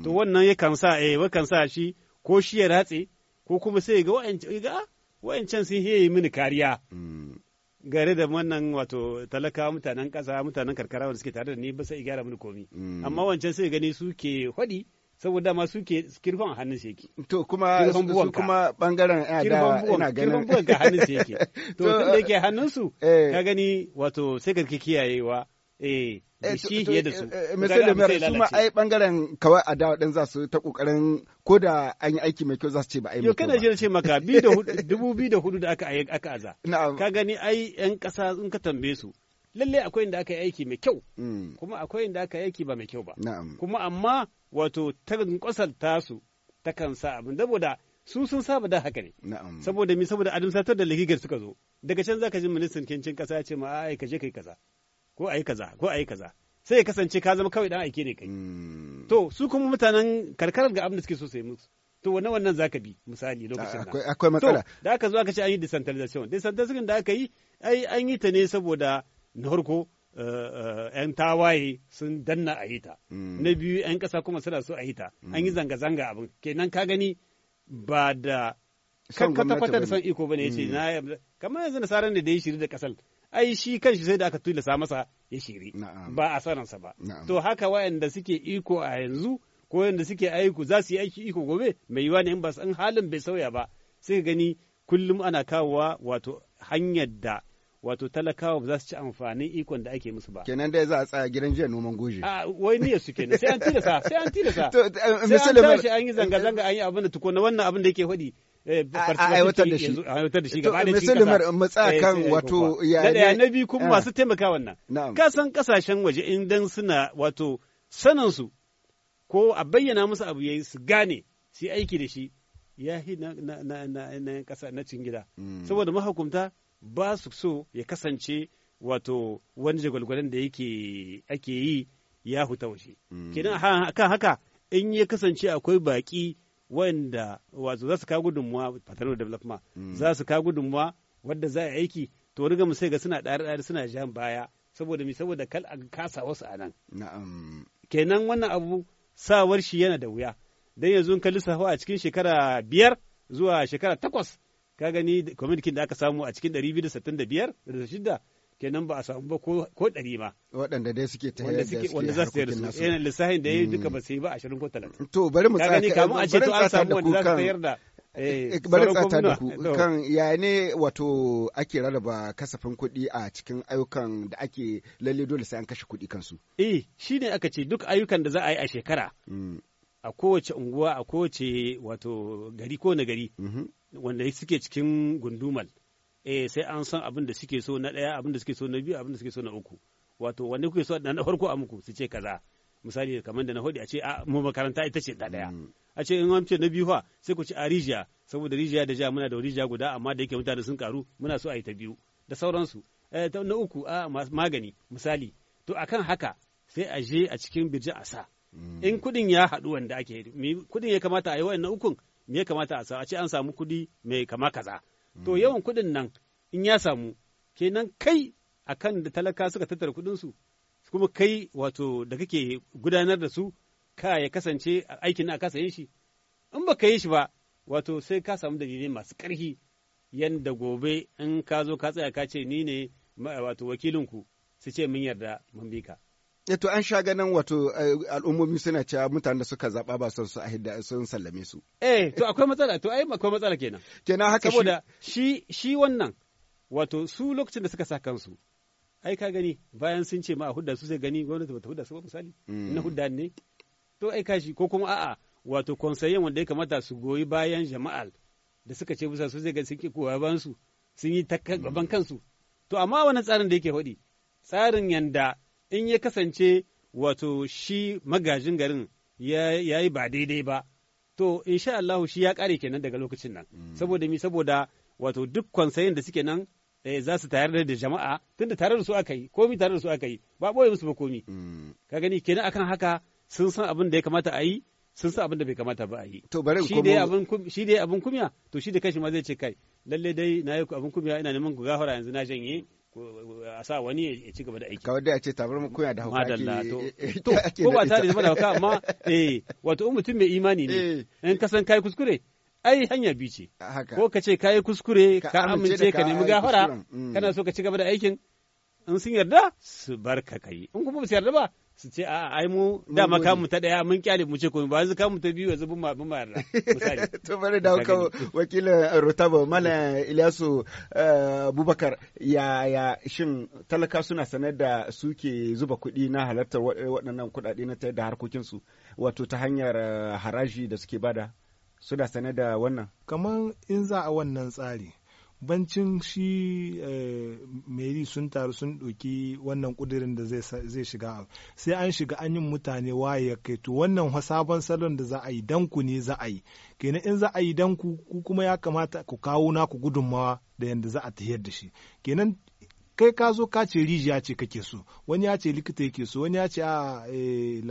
to wannan kan sa eh wakan sa shi ko shi ya ratse ko kuma sai ga wa'ancan ga ah, wa'ancan sun yi mini kariya mm. gare da wannan wato talaka mutanen ƙasa mutanen karkara wanda suke tare da ni ba sai gyara mini komi amma wancan sai gani su ke hwadi saboda ma suke kirfan hannun su yake to kuma su kuma bangaren eh, da ina ganin kirfan buwan ka hannun su yake to tun da yake eh, hannun su eh. ka gani wato sai ke kiyayewa eh shi da su. Misali mai su ma ai bangaren kawai dawa ɗin za su ta kokarin ko da an yi aiki mai kyau za su ce ba a yi mai kyau. Yau kana ce maka dubu biyu da hudu da aka aka aza. Ka gani ai ƴan ƙasa in ka tambaye su. Lallai akwai inda aka yi aiki mai kyau. Mm. Kuma akwai inda aka yi aiki ba mai kyau ba. Kuma amma wato tankwasar tasu takan sa abin saboda su sun saba da haka ne saboda mi saboda administrator da ligigar suka zo daga can zaka ji ministan kincin kasa ya ce ma ai ka je kai kaza ko ayi kaza ko ayi kaza sai ya kasance ka zama kawai dan aike ne kai hmm. to su kuma mutanen karkarar ga abin da suke so sai musu to wannan wannan zaka bi misali lokacin akwai akwai matsala da aka zo aka ce an yi decentralization decentralization da aka yi ai an yi ta ne saboda na farko Eh, eh, 'yan tawaye sun danna a hita mm. na biyu 'yan ƙasa kuma suna so a hita an yi mm. zanga-zanga abin kenan ka gani ba da da son iko ba ne ya ce mm. kamar yanzu nasarar da ya shiri da kasar ai shi kanshi sai da aka tilasa masa ya shiri ba a saransa ba to haka wayanda suke iko a yanzu ko da suke aiko za su yi aiki iko gobe mai yiwa ne in ba san halin bai sauya ba sai gani kullum ana kawowa wato hanyar da wato talakawa ba za su ci amfanin ikon da ake musu ba kenan dai za a tsaya gidan jiya noman goji. a ah, wai niyyar su kenan sai an tilasa sai an tilasa eh, sai an tashi an yi zanga zanga an yi abin da tukuna wannan abin da yake faɗi eh, aiwatar da shi aiwatar da shi gaba da shi kasa matsa kan eh, wato ya da na biyu kuma masu taimaka wannan ka san kasashen waje idan suna wato sanin su ko a bayyana musu abu yayi su gane su aiki da shi ya hi na na na na kasa na cin gida hmm. saboda mahukunta ba su so ya kasance wato wani jagwalgwalen da yake ake yi ya huta waje mm. kenan kan haka in ya kasance akwai baƙi wanda wato za su kawo gudunmuwa paternal development mm. za su kawo gudunmuwa wadda za a aiki to riga mu sai ga suna ɗare ɗari suna jan baya saboda mi saboda kal a kasa wasu a nan kenan wannan abu sawar shi yana da wuya dan yanzu ka lissafa a cikin shekara biyar zuwa shekara takwas ka gani kwamitin da aka samu a cikin 265 da kenan ba a samu ba ko ɗari ma. Waɗanda dai suke ta yadda suke wanda za su tayar su yana lissafin da ya yi duka ba su yi ba ashirin ko talatin. To bari mu gani kamun a ce to an samu wanda za su tayar da eh, eh, eh, bari tsata da ku kan ya ne wato ake rarraba kasafin kuɗi a cikin ayyukan da ake lalle dole sai an kashe kuɗi kansu. Eh shi ne aka ce duk ayyukan da za a yi a shekara. Mm. A kowace unguwa a kowace wato gari ko na gari. Mm-hmm. wanda suke cikin gundumal eh sai an san abin da suke so na ɗaya abin da suke so na biyu abin da suke so na uku wato wanda kuke so na farko a muku su ce kaza misali kamar da na hudu a ce a mu makaranta ita ce da daya mm. a ce in na biyu fa sai ku ci a rijiya saboda rijiya da ja muna da rijiya guda amma da yake mutane sun karu muna so a yi ta biyu da sauransu eh, ta na uku a magani misali to akan haka sai a je a cikin birji a sa mm. in kudin ya haɗu wanda ake kudin ya kamata a yi wa'annan ukun me kamata a samu a ce an samu kuɗi mai kama kaza hmm. to yawan kuɗin nan in ya samu kenan kai a kan da talaka suka tattara kuɗinsu kuma kai wato da kake gudanar da su ka ya kasance aikin a kasa yin shi in ba ka yi shi ba wato sai ka samu dalilai masu ƙarfi yadda gobe in ka zo ka tsaya ka ce ni ne wato wakilinku su ce mun yarda mun bika. Eh, to an sha ganin wato eh, al'ummomi suna cewa mutanen da suka zaba ba son su ahidda sun sallame su eh to akwai matsala to ai akwai matsala kenan kenan haka saboda shi shi wannan wato su lokacin da suka sa kansu ai ka gani bayan sun ce ma a hudda su sai gani gwamnati bata hudda su ba misali hmm. na hudda ne to ai kashi ko kuma a'a wato konsayen wanda ya kamata su goyi bayan jama'al da suka ce musa su zai gani sun ki koya su sun yi hmm. gaban kansu to amma wannan tsarin da yake faɗi tsarin yanda in ya kasance wato shi magajin garin ya yi ba daidai ba to insha Allah shi ya kare kenan daga lokacin nan mm. saboda mi saboda wato duk kwansayin da suke nan eh, za su tayar da jama'a tunda tare da su aka yi komi tare da su aka yi ba boye musu ba komi mm. ka gani kenan akan haka sun san abin da ya kamata a yi sun san abin da bai kamata ba a yi to bari shi dai abin shi dai abin kumya to shi da kashi ma zai ce kai lallai dai na yi abin kumya ina neman ku gafara yanzu na janye a sa wani ya ci gaba da aiki kawai da ya ce tabar mu kuya da hauka madalla to ko ba ta ne zama da hauka amma eh wato in mutum mai imani ne eh. in ka san kai kuskure ai hanya biyu ce ko ka ce kai kuskure ka amince ka nemi gafara mm. kana so ka ci gaba da aikin in sun yarda su barka kai in kuma ba su yarda ba su ce a ai mu dama kamu ta daya mun kyale mu ce ko ba yanzu kamu ta biyu yanzu mun ma mun to bari da ka wakilin Rutaba mala Ilyasu eh, Abubakar ya ya shin talaka suna sanar da suke zuba kuɗi na halartar waɗannan kuɗaɗe na ta da harkokin su wato ta hanyar eh, haraji da suke bada suna sanar da wannan kamar in za a wannan tsari bancin shi eh, meri sun taru sun ɗauki wannan ƙudurin da zai shiga sai an shiga an yin mutane waye kai to wannan sabon salon da za a yi danku ne za a yi kenan in za a yi danku ku kuma ya kamata ku kawo ku gudunmawa da yadda za a tafiyar da shi kenan kai ka zo ka ce rijiya ce kake so wani ya ce likita yake so wani ya ce a eh,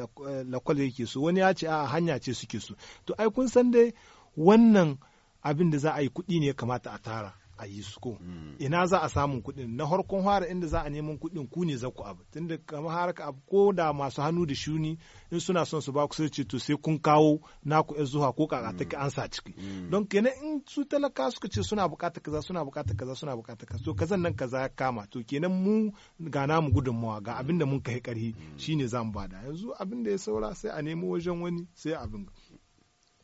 lakwal yake so wani ya ce a hanya ce suke so to ai kun san dai wannan abin da za a yi kuɗi ne ya kamata a tara a yi su mm. ina za a samun kuɗin na harkon fara inda za a neman kuɗin ku ne za ku abu tunda kamar haraka abu ko da masu hannu da shuni in suna son su ba ku sai to sai kun kawo naku yan zuwa ko kaka take mm. an sa ciki mm. don kenan in su talaka suka ce suna buƙatar kaza suna buƙatar kaza suna buƙatar kaza to kazan nan kaza ya kama to kenan mu ga namu gudunmawa ga abin da mun kai karhi shine zan bada yanzu abin da ya saura sai a nemo wajen wani sai abin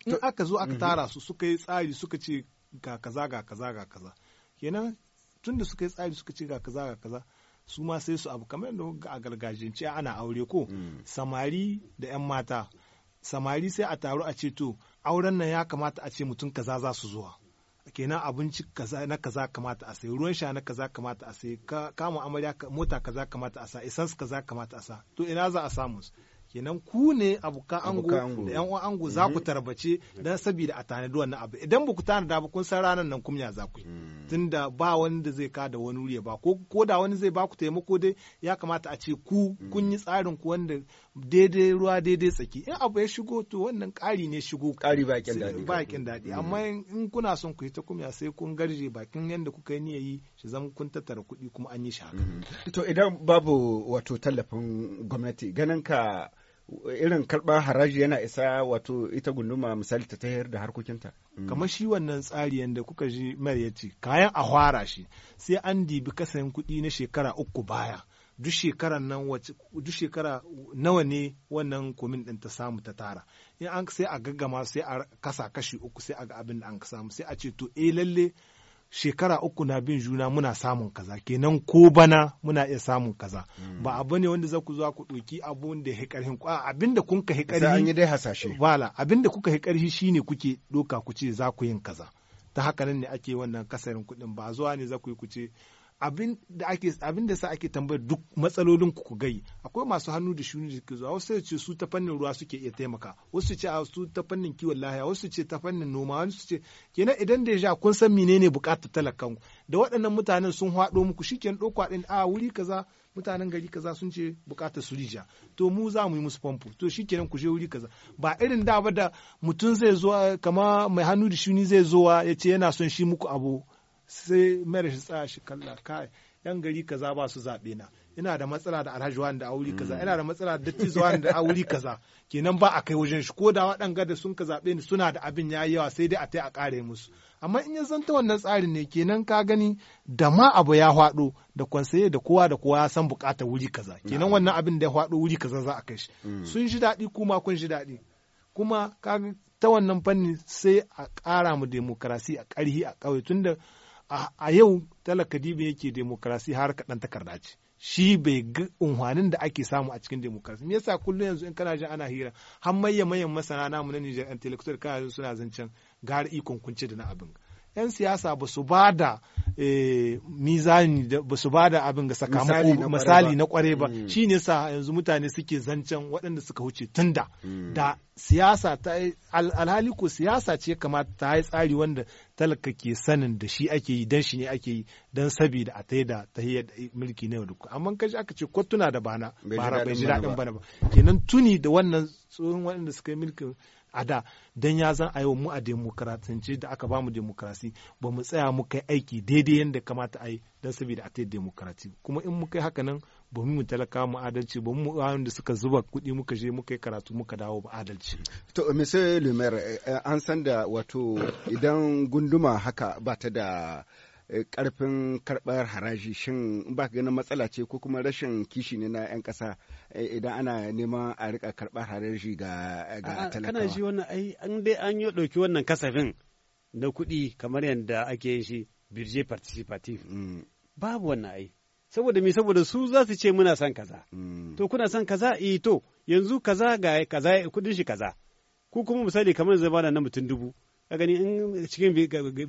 in aka zo aka mm-hmm. tara su suka yi tsari suka ce ga kaza ga kaza ga kaza kenan tun da suka yi tsari suka ce ga kaza ga kaza su ma sai su abu kamar yadda a gargajiyance ana aure ko mm. samari da 'yan mata samari sai a taru a ce to auren nan ya kamata a ce mutum kaza za su zuwa kenan abinci na kaza kamata a sai ruwan sha na kaza kamata a sai kama amarya mota kaza kamata a sa essence kaza kamata a sa to ina za a samu kenan ku ne abokan ango da yan uwan ango za ku mm-hmm. tarbace dan saboda a tanadi wannan abu idan ba ku tanada ba kun san ranar nan kumya za ku yi mm. tunda ba wani da zai kada wani wuri ba ko da wani zai ba ku taimako dai ya kamata a ce ku mm. kun yi tsarin ku wanda daidai ruwa daidai tsaki in abu ya shigo to wannan ƙari ne shigo ƙari bakin daɗi bakin daɗi mm. amma in kuna son ku yi ta kumya sai kun garje bakin yanda kuka yi yi shi zama kun tattara kuɗi kuma an yi shi haka mm-hmm. to idan babu wato tallafin gwamnati ganin ka irin karɓar haraji yana isa wato ita gunduma misali ta tayar da harkokinta. Mm. kamar shi wannan tsari yadda kuka ji mayar ya ce kayan a hwara shi sai an dibi kasayin kuɗi na shekara uku baya duk shekara nawa ne wannan komin ɗin ta samu ta tara in an sai a gaggama sai a kasa kashi uku sai a ga abin da an samu sai a ce to eh lalle shekara uku na bin juna muna samun kaza kenan ko bana muna iya samun kaza hmm. ba abu ne wanda za ku zo ku ɗauki abun da ya ƙarfin ku abin da kun ka hi an yi dai hasashe wala abin kuka hi ƙarfi shine kuke doka ku ce za ku yin kaza ta haka nan ne ake wannan kasarin kuɗin ba zuwa ne za ku yi ku ce abin da ake sa ake tambayar duk matsalolin ku ku gai akwai masu hannu da shuni da ke zuwa wasu ce su ta fannin ruwa suke iya taimaka wasu ce su ta fannin kiwon lahiya wasu ce ta fannin noma wasu ce kenan idan da ja kun san menene bukatar talakan da waɗannan mutanen sun haɗo muku shikenan ɗauka ɗin a wuri kaza mutanen gari kaza sun ce bukatar su rija to mu za mu yi musu famfo to shikenan ku je wuri kaza ba irin da ba da mutum zai zo kama mai hannu da shuni zai zo ya ce yana son shi muku abu sai mayar shi tsaya shi kalla kai yan gari kaza ba su zaɓe na ina da matsala da alhaji da auri kaza mm. ina da matsala da dattijo da auri kaza kenan ba a kai wajen shi ko da waɗanga da sun ka zaɓe ni suna da abin yayi yawa sai dai a tai a ƙare musu amma in ya zanta wannan tsarin ne kenan ka gani da ma abu ya haɗo da kwansaye da kowa da kowa ya san buƙatar wuri kaza kenan wannan abin da ya haɗo wuri kaza za a kai shi mm. sun ji daɗi kuma kun ji daɗi kuma ka ta wannan fanni sai a ƙara mu demokarasi a ƙarhi a ƙauye tunda a yau talaka dibin yake demokrasi har kaɗan takarda ce shi bai ga unhwanin da ake samu a cikin demokrasi me yasa kullum yanzu in kana jin ana hira har maye mayan masana namu na Niger intellectual kana jin suna zancen gara ikon kunce da na abin 'yan siyasa ba su ba da eh, mizani ba su ba da abin ga sakamako misali na kware ba mm. shi ne sa yanzu mutane suke zancen waɗanda suka wuce tunda. da mm. da siyasa ta alhali ko siyasa ce kamata ta yi tsari wanda talaka ke sanin da shi ake yi dan shi ne ake yi don saboda a taida da tahiyyar mulki na yau Amma kan shi aka ce kwattuna da bana bara bai ji daɗin bana ba kenan tuni da wannan tsohon waɗanda suka yi mulkin a da don ya zan ayo mu a demokratance da aka bamu demokrasi ba mu tsaya mu kai aiki daidai yadda kamata a yi don saboda a ta demokrati kuma in mu kai haka nan ba mu talaka mu adalci ba mu da suka zuba kuɗi muka je muka yi karatu muka dawo ba adalci. To monsieur Lumer eh, eh, an san da wato idan gunduma haka ba ta da karfin karɓar haraji shin ba ka ganin matsala ce ko kuma rashin kishi ne na 'yan ƙasa eh, idan ana neman a rika karɓar haraji ga talakawa kana ji wannan ai an dai an yi wannan kasafin na kuɗi kamar yadda ake yin shi birje participative mm. babu wannan ai saboda me saboda su za su ce muna son kaza mm. to kuna son kaza eh to yanzu kaza ga kaza kuɗin shi kaza ku kuma misali kamar zai bada na mutum dubu ka gani in cikin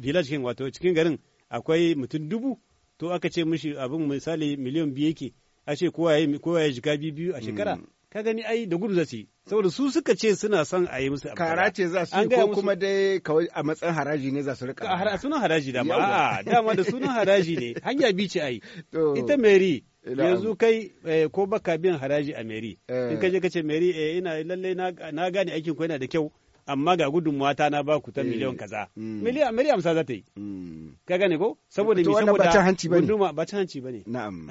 village cikin wato cikin garin akwai mutum dubu to aka ce mishi abin misali miliyan biyu yake a ce kowa ya jika biyu a shekara mm. ka gani ai da gudu za yi saboda su suka ce suna son a yi musu abu kara ce za su yi ko kuma dai kawai a matsayin haraji ne za su rika a sunan haraji da ma a dama da sunan haraji ne hanya bi ce ai ita mary yanzu kai eh, ko baka biyan haraji a mary in ka eh. je ka ce mary eh, ina lalle na gane aikin ko yana da kyau amma ga gudunmuwa ta na ku ta eh, miliyan kaza mm. miliyan miliyan hamsa za ta yi mm. ka gane ko saboda mi saboda hanci ba ta hanci ne. na'am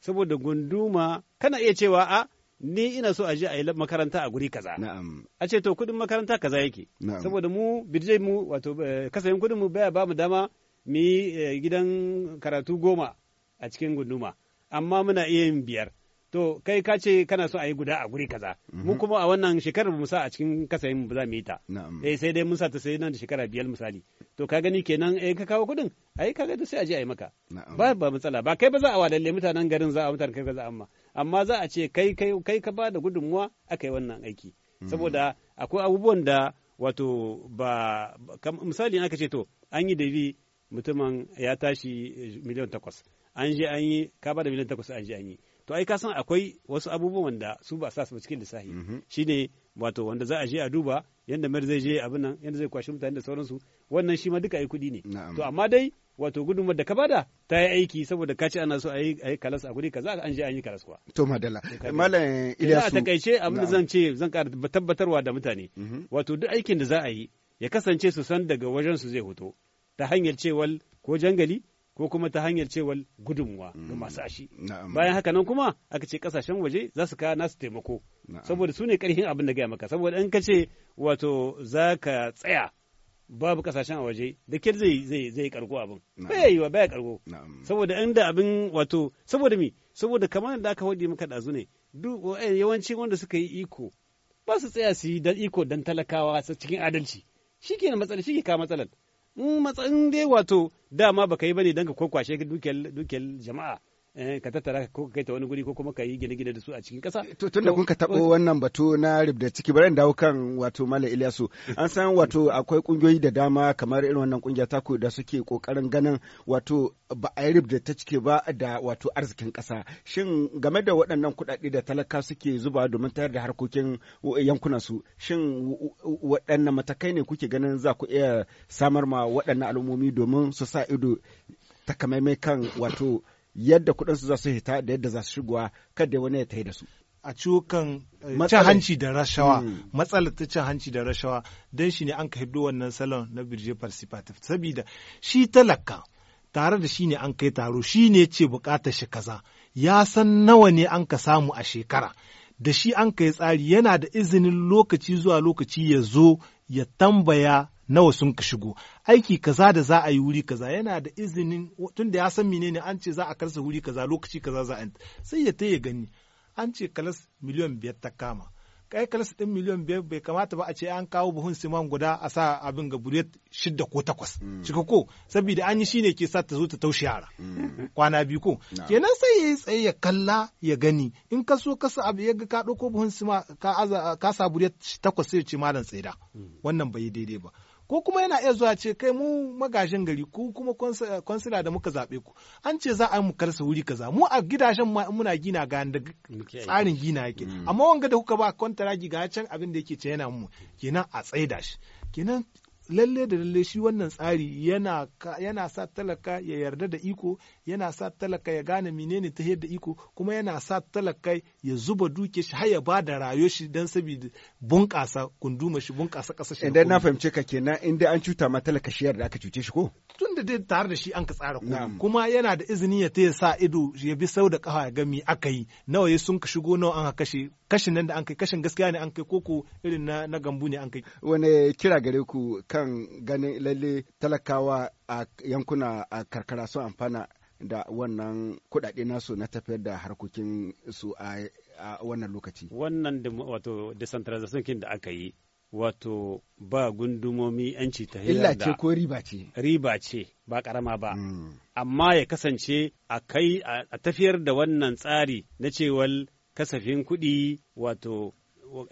saboda gunduma kana iya cewa a ni ina so a je a yi makaranta a guri kaza. Na'am. A ce to kudin makaranta kaza yake. Na'am. Saboda mu bidje mu wato eh, kasayin kudin mu baya ba mu dama mu yi eh, gidan karatu goma a cikin gunduma. Amma muna iya yin biyar. to kai ka ce kana so a yi guda a guri kaza mu mhm. kuma a wannan shekarar musa a cikin kasayin ba za mu yi ta eh sai dai musa ta sai nan da shekara biyar misali to ka gani kenan eh ka kawo kudin ai kaga sai a je a yi maka ba ba matsala ba kai ba za a wadalle mutanen garin za a mutanen kai za amma amma za a ce kai kai kai ka ba da gudunmuwa aka yi wannan aiki mhm. saboda akwai abubuwan da wato ba misali aka ce to an yi dabi mutumin ya tashi miliyan takwas an je an yi ka ba da miliyan takwas an je an yi to ai ka san akwai wasu abubuwan da su ba sa su cikin lissafi mm-hmm. shine wato wanda za a je a duba yanda mar zai je abin nan yanda zai kwashi mutane da sauransu wannan shi ma duka ai kuɗi ne to amma dai wato gudunmar da ka bada ta yi aiki saboda ka ce ana so a yi kalas a guri kaza an je an yi kalas kuwa. To madalla. Malam Ilyasu. a takaice abin da zan ce zan ƙara tabbatarwa da mutane. Mm-hmm. Wato duk aikin da za a yi ya kasance su san daga wajen su zai hoto ta hanyar cewal ko jangali ko kuma ta hanyar cewar gudunwa ga mm. masu ashi bayan haka nan kuma aka ce kasashen waje za su kawo nasu taimako saboda su ne karfin abin da gaya maka saboda in ka ce wato za ka tsaya babu kasashen a waje da kyar zai zai zai kargo abin baya wa baya kargo saboda inda abin wato saboda mi saboda kamar da aka hodi maka dazu ne duk yawanci wanda suka yi iko ba su tsaya su yi iko dan talakawa cikin adalci ke matsalar shi ka matsalar matsayin dai wato dama baka yi bane dan ka kwakwashe dukiyar jama'a Eh, ka tattara ko kai ta wani guri ko kuma ka yi gine-gine da su a cikin ƙasa. Tun da kun ka taɓo wannan batu na rib da ciki bari dawo kan wato Mala Ilyasu an san wato akwai kungiyoyi da dama kamar irin wannan ƙungiya taku da suke kokarin ganin wato ba a yi rib da ta ciki ba da wato arzikin kasa Shin game da waɗannan kuɗaɗe da talaka suke zuba domin tayar da harkokin yankunan su shin waɗannan matakai ne kuke ganin za ku iya samar ma waɗannan al'ummomi domin su sa ido takamaimai kan wato yadda kuɗinsu za su hita da yadda za su shigowa kada wani ya tai da su a ciwukan eh, cin hanci da rashawa hmm. matsalar ta cin hanci da rashawa don shi ne an ka hiddo wannan salon na birje participative saboda shi talaka tare da shi ne an kai taro shi ne ce bukatar shi kaza ya san nawa ne an ka samu a shekara da shi an kai tsari yana da izinin lokaci zuwa lokaci ya zo ya tambaya nawa sun ka shigo aiki kaza da za a yi wuri kaza yana da izinin tun da ya san menene an ce za a karsa wuri kaza lokaci kaza za a yi sai ya ya gani an ce kalas miliyan biyar ta kama kai kalas ɗin miliyan biyar bai kamata ba a ce an kawo buhun siman guda a sa abin ga buret shidda ko takwas mm. cika ko saboda an yi ne ke sa ta zo ta taushe yara mm. kwana biyu ko kenan sai ya yi tsaye ya kalla ya gani in ka so kasa abu ya ga ka ɗauko buhun sima ka sa buret takwas sai ya ce malam tsaida mm. wannan bai daidai ba ko kuma yana iya zuwa ce kai mu magajin gari ku kuma kwansila da muka zaɓe ku an ce za a mu karsa wuri kaza mu a gidajen ma muna gina ga da tsarin gina yake mm. amma wanga da kuka ba kwantaragi ga can abin da yake ce yana mu kenan a tsaida shi kenan lalle da lalle shi wannan tsari yana sa talaka ya yarda da iko yana sa talaka ya gane menene ta da iko kuma yana sa talakai ya zuba duke shi har ya ba da rayo shi don saboda bunƙasa kunduma shi bunƙasa ƙasa shi idan na fahimce ka kenan in dai an cuta ma talaka shi da aka cuce shi ko tun da dai tare da shi an ka tsara komai kuma yana da izini ya ta sa ido ya bi sau da ƙafa ya gami aka yi nawa ya sun ka shigo nawa an ka kashe kashin nan da an kai kashin gaskiya ne an kai koko irin na na gambu ne an kai wani kira gare ku kan ganin lalle talakawa a yankuna a karkara sun amfana da wannan kudade nasu na tafiyar da harkokin su a wannan lokaci wannan wato decentralization kin da aka yi wato ba gundumomi yanci ta illa ce ko riba ce riba ce ba karama ba hmm. amma ya kasance a kai a tafiyar da wannan tsari na cewar kasafin kuɗi wato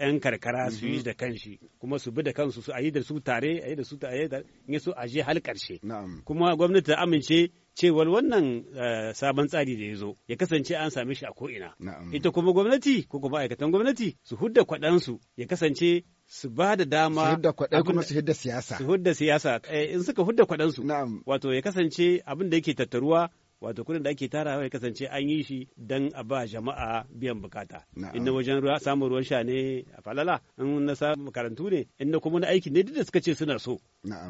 'yan karkara su yi mhm. da kanshi kuma su bi da kansu su a yi da su tare a yi da su tare in so a je har karshe kuma gwamnati ta amince cewar wannan eh, sabon tsari da ya zo ya kasance an same shi a ko'ina. Ita kuma gwamnati ko kuma ma'aikatan gwamnati su hudda kwaɗansu ya kasance su ba da dama su hudda kwaɗai kuma su hudda siyasa su hudda siyasa eh, in suka hudda kwaɗansu wato ya kasance abin da yake tattaruwa wato kudin da ake tara ya kasance an yi shi dan a ba jama'a biyan bukata in na wajen ruwa samun ruwan sha ne a falala in na samun makarantu ne in na kuma na aiki ne duk da suka ce suna so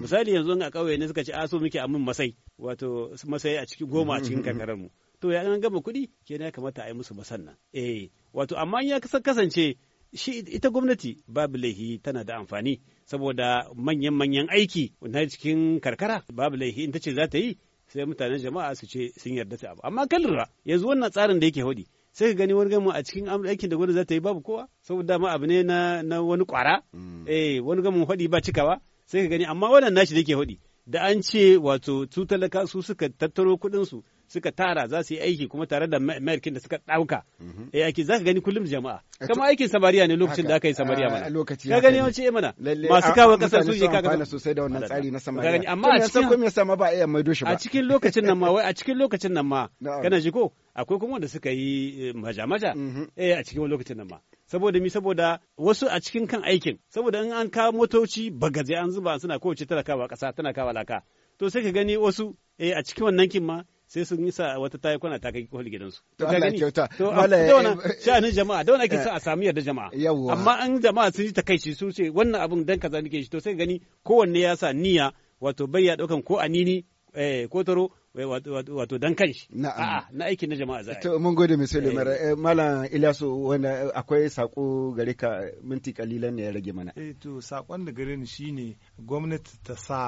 misali yanzu a ƙauye ne suka ce a so muke amin masai wato masai a cikin goma a cikin kankararmu to ya an gama kuɗi kenan ya kamata a yi musu masan nan eh wato amma ya kasance shi ita gwamnati babu laihi tana da amfani saboda manyan-manyan aiki na cikin karkara babu laihi in ta ce za ta yi sai mutanen jama'a su ce sun yarda ta abu amma kan lura yanzu wannan tsarin da yake hodi sai ka gani wani gamu a cikin aikin da gwamnati za ta yi babu kowa saboda ma abu ne na na wani kwara mm. eh wani gamu hodi ba cikawa sai ka gani amma wannan nashi da yake hodi da an ce wato su talaka su suka tattaro kuɗin su suka tara za su yi aiki kuma tare da mayarkin da suka ɗauka mhm. eh aiki za ka gani kullum jama'a kama aikin samariya ne lokacin da aka yi samariya ah, mana lokaci ka gani yawanci eh mana masu ah, kawo kasar su je ka ga sosai da wannan tsari na samariya gani amma a cikin kuma yasa ma ba iya maido shi ba a cikin lokacin nan ma wai a cikin lokacin nan ma kana ji ko akwai kuma wanda suka yi eh, maja-maja mhm. eh a cikin lokacin nan ma saboda mi saboda wasu a cikin kan aikin saboda in an kawo motoci bagaje an zuba suna kowace talakawa ƙasa tana kawo laka to sai ka gani wasu eh a cikin wannan kin ma sai sun yi sa wata tayi kwana ta kai kwalli gidansu to Allah kyauta to wannan eh, sha'anin jama'a da wani ake sa a eh, sami yarda jama'a amma an jama'a sun yi takaici sun ce wannan abun dan kaza nake shi to sai gani kowanne ya sa niyya wato bai ya daukan ko anini eh ko taro eh, wato dan Na a'a na aiki na jama'a za to mun gode misali mara malam Ilyasu wanda akwai sako gare ka minti kalilan ne ya rage mana eh to sakon da gare ni shine gwamnati ta sa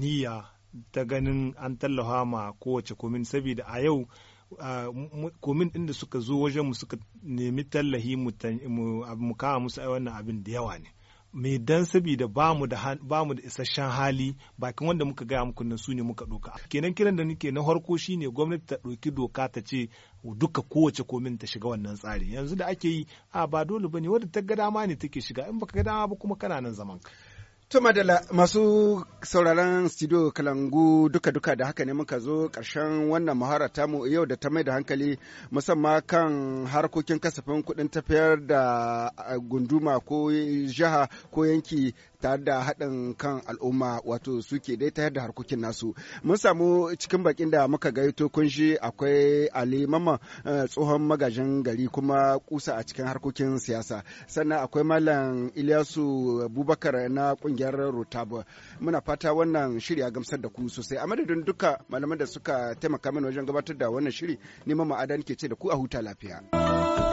niyya ta ganin an tallafa ma kowace komin saboda a yau komin ɗin da suka zo wajen mu suka nemi tallahi mu kama musu ai wannan abin da yawa ne mai dan sabida ba mu da isasshen hali bakin wanda muka gaya muku nan su ne muka doka kenan kiran da nake na harko ne gwamnati ta ɗauki doka ta ce duka kowace komin ta shiga wannan tsari yanzu da ake yi a ba dole bane wanda ta ga dama ne take shiga in baka ga dama ba kuma kana nan zaman ka Tuma da masu sauraron studio Kalangu duka-duka da haka ne muka zo ƙarshen wannan muhara tamu yau da ta mai da hankali musamman kan harkokin kasafin kuɗin tafiyar da gunduma ko jiha ko yanki tare da haɗin kan al'umma wato suke dai tayar da harkokin nasu mun samu cikin bakin da muka gaito kun shi akwai ali mama eh, tsohon magajin gari kuma kusa a cikin harkokin siyasa sannan akwai malam iliyasu bubakar na kungiyar rotaba muna fata wannan shiri ya gamsar da ku sosai a madadin duka malaman da suka taimaka mana wajen gabatar da wannan shiri ne mama adan ke ce da ku a huta lafiya.